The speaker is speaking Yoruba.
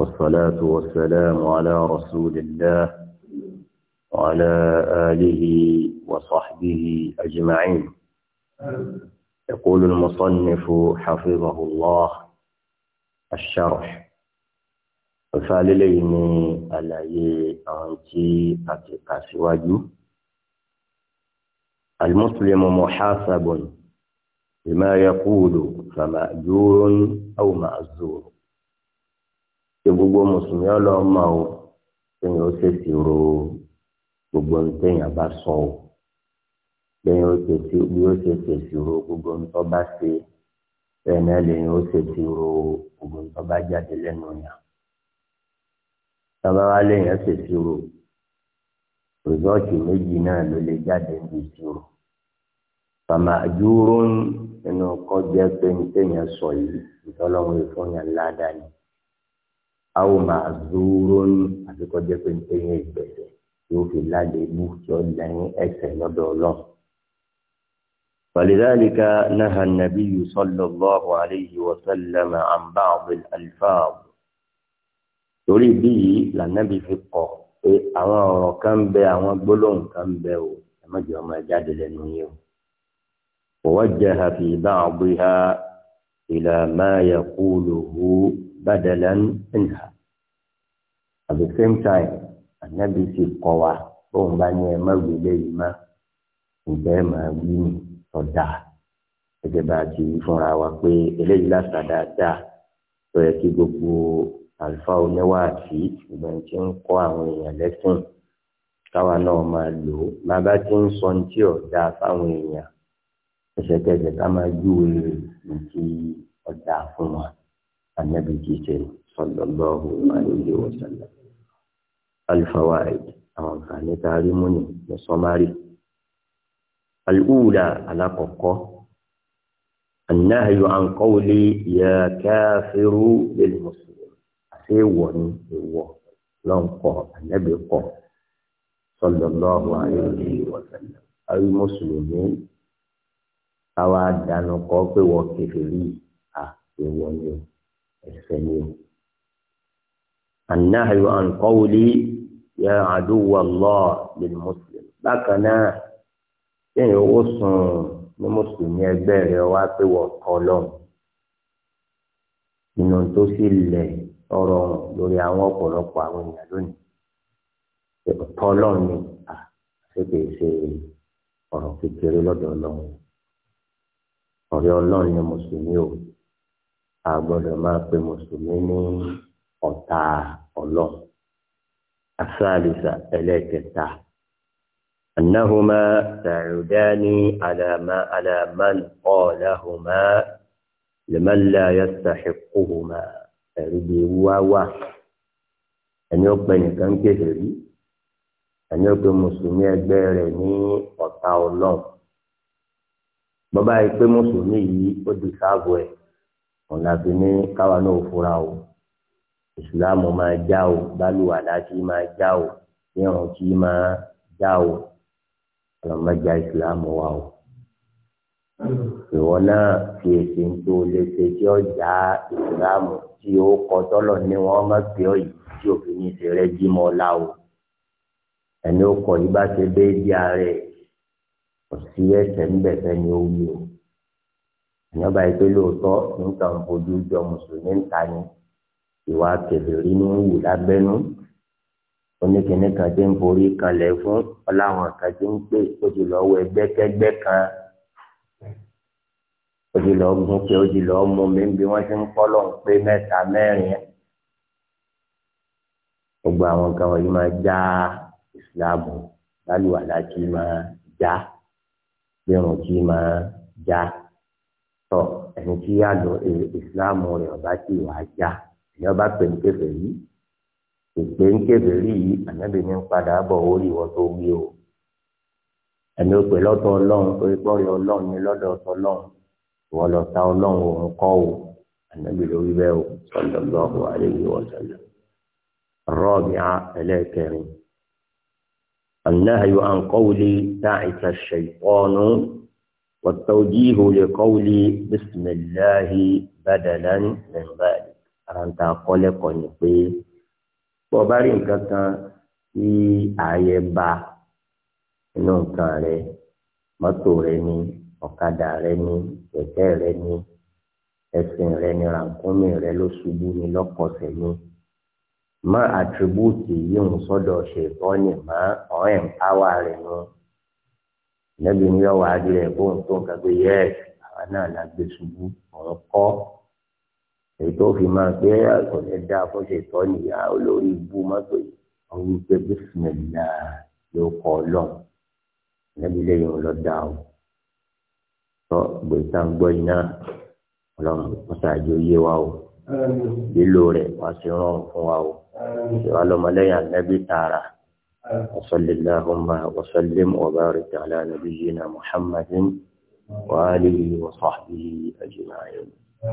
والصلاة والسلام على رسول الله وعلى آله وصحبه أجمعين يقول المصنف حفظه الله الشرح فالليل على أنتي أتكاسواجي المسلم محاسب بما يقول فمأجور أو مأزور ṣe gbogbo mùsùlùmí ọlọ́mọ o lẹ́yìn ó ṣèṣì ro gbogbo ntẹ̀yìn bá sọ o lẹ́yìn ó ṣèṣì bí ó ṣe ṣèṣì ro gbogbo ntọ́ bá ṣe bẹ́ẹ̀ náà lẹ́yìn ó ṣèṣì ro gbogbo ntọ́ bá jáde lẹ́nu yàn tábà wá lẹ́yìn ó ṣèṣì ro rìsọ́ọ̀tì méjì náà ló lè jáde níbi ìṣirò fàmà àjúrò nínú kọjá pé ntẹ̀yìn sọ yìí ìtọ́lọ́wọ́ ìfọ̀yàn ládàá ni awo máa zúrò ní àfikọ́jẹ́ pé ntẹ́yìn ìgbẹ̀sẹ̀ yóò fi láde ibú tí ó lẹ́yìn ẹsẹ̀ lọ́dọ̀ ọlọ́run. فلذلك نهى النبي صلى الله عليه وسلم عن بعض الألفاظ torí bí yìí lànàbí fi kọ pé àwọn ọ̀rọ̀ kan ń bẹ àwọn gbólóhùn kan ń bẹ o ẹ má jẹ́ ọmọ jáde lẹ́nu yìí o. ووجه في بعضها إلى ما يقوله badalan minha at the same time ànábì sì kọ́ wa bóun bá ní ẹ má wí léyìí má ǹjẹ́ ẹ máa wí ní ọ̀dà gẹ́gẹ́ bá a ti fúnra wa pé eléyìí láta dáadáa tó yẹ kí gbogbo àlùfáà oníwàásí ìgbọ̀n tí ń kọ́ àwọn èèyàn lẹ́sìn káwa náà máa lò ó bàbá tí ń sọ ní tí ọ̀dà fáwọn èèyàn ẹsẹ̀kẹsẹ̀ ká máa júwe ní ti ọ̀dà fún wa. النبي كيسين صلى الله عليه وسلم الفوائد àwọn àǹfààní tá a rí mú ni ní sọmárì alúùlà alákọ̀ọ́kọ́ anáhàyò àǹkọ́wọlé yà káfíru lẹ́nu mùsùlùmí àti èèwọ̀ ni èèwọ̀ lọ́nkọ̀ ànábì kọ̀ sallallahu alaihi wa sallam àrí mùsùlùmí káwá dànù kọ́ pé wọ́n kẹfẹ́ rí à èèwọ̀ ni o. ẹ̀ṣẹ̀ ni o. النهي عن ya يا عدو الله للمسلم naa, náà kéèyàn ó sùn ní mùsùlùmí ẹgbẹ́ rẹ̀ wá pé wọ́n kọ́ tó sì lẹ̀ ọ̀rọ̀ lórí àwọn ọ̀pọ̀lọpọ̀ àwọn èèyàn lónìí ni o. a gbọ́dọ̀ máa pe mùsùlùmí ní ọ̀tá ọlọ́run. الثالثة إليكتا أنهما تعودان على ما على من قالهما لمن لا يستحقهما ẹ̀rìndì wá wà ẹni ó pe nìkan kékeré ẹni ó pe mùsùlùmí ẹgbẹ́ rẹ̀ ní ọ̀tá ọlọ́run bọ́bá pé mùsùlùmí yìí ó di sáàbù ẹ̀ ọ̀nà àfi ní káwa náà fura o ìsìláàmù máa já o bálùwàdá tí máa já o irun tí máa já o ọlọ́mọdé ìsìláàmù wa o ìwọ náà fi èsì tó lè ṣe tí ó já ìsìláàmù tí ó kọ tọ́lọ̀ ní wọ́n má pè ọ́ yìí tí òfin ní ìṣẹ̀rẹ́ jí mọ́ o ẹni ó kọ yìí bá ṣe déédéé ààrẹ kò sí ẹsẹ̀ ńbẹ̀fẹ́ ni ó wí o ìyẹn báyìí pé lóòótọ́ nǹkan fojú jọ mùsùlùmí ń ta ni ìwà kẹfìrí ní wù lábẹ́nú oníkìní kan tí ń forí kanlẹ̀ fún ọláwọn kan tí ń pè ó ti lọ wọ ẹgbẹ́kẹ́gbẹ́ kan ó ti lọ gún pé ó ti lọ mú mi bí wọ́n ti ń kọ́lọ̀ ń pé mẹ́ta mẹ́rin gbogbo àwọn nǹkan wọ̀nyí máa já ìsìláàmù lálùwàlá kí máa já gbẹrùn kí máa já tọ ẹni tí yá lọ ìsìláàmù rẹ ọba tí ìwà já ẹni ọba pè ń kéfè rí ìpè ń kéfè rí yìí ànábì ní ń padà bọ̀ orí ìwọ tó wí o ẹni ó pè lọ́tọ̀ ọlọ́run tó gbọ́ yọ ọlọ́run ní lọ́dọ̀ ọ̀tọ̀ ọlọ́run ìwọ lọ ta ọlọ́run òun kọ́ o ànábì ló wí bẹ́ẹ̀ o sallallahu alaihi wa sallam الرابعة ẹlẹ́kẹrin النهي عن قول تعس الشيطان والتوجيه لقول بسم الله بدلا من ذلك ara ń ta kọ́lẹ́kọ̀ ni pé bọ́ọ̀ bá rí nǹkan kan tí ààyè bá inú nǹkan rẹ mọ́tò rẹ ni ọ̀kadà rẹ ni kẹ̀kẹ́ rẹ ni ẹṣin rẹ ni rànkúnmí rẹ ló ṣubú ni lọ́kọ̀ọ̀sẹ̀ ni má àtìrìbùtì yìí ń sọ́dọ̀ ṣètọ́ ni má ọ̀hún ẹ̀ńpáwá rẹ ni lẹ́bi ní ọwọ́ adìrẹ fóun tó nǹkan pé yẹ àwa náà la gbé ṣubú ọ̀rọ̀ kọ́ èyí tó fi máa pé àkọsẹ̀ dá fọ́ṣẹ̀ tọ́ nìyá olórí ibú mọ́tò yìí wọ́n wí pé bísímẹ̀lá ló kọ́ ọlọ́run lẹ́bi lẹ́yìn lọ dá o tọ́ gbèsè gbọ́ iná ọlọ́run kó sàájú yé wa o lílo rẹ̀ wá sí rọrùn fún wa o ṣèwà lọ́mọlẹ́yìn ànábì tààrà. وصل اللهم وسلم وبارك على نبينا محمد وآله وصحبه أجمعين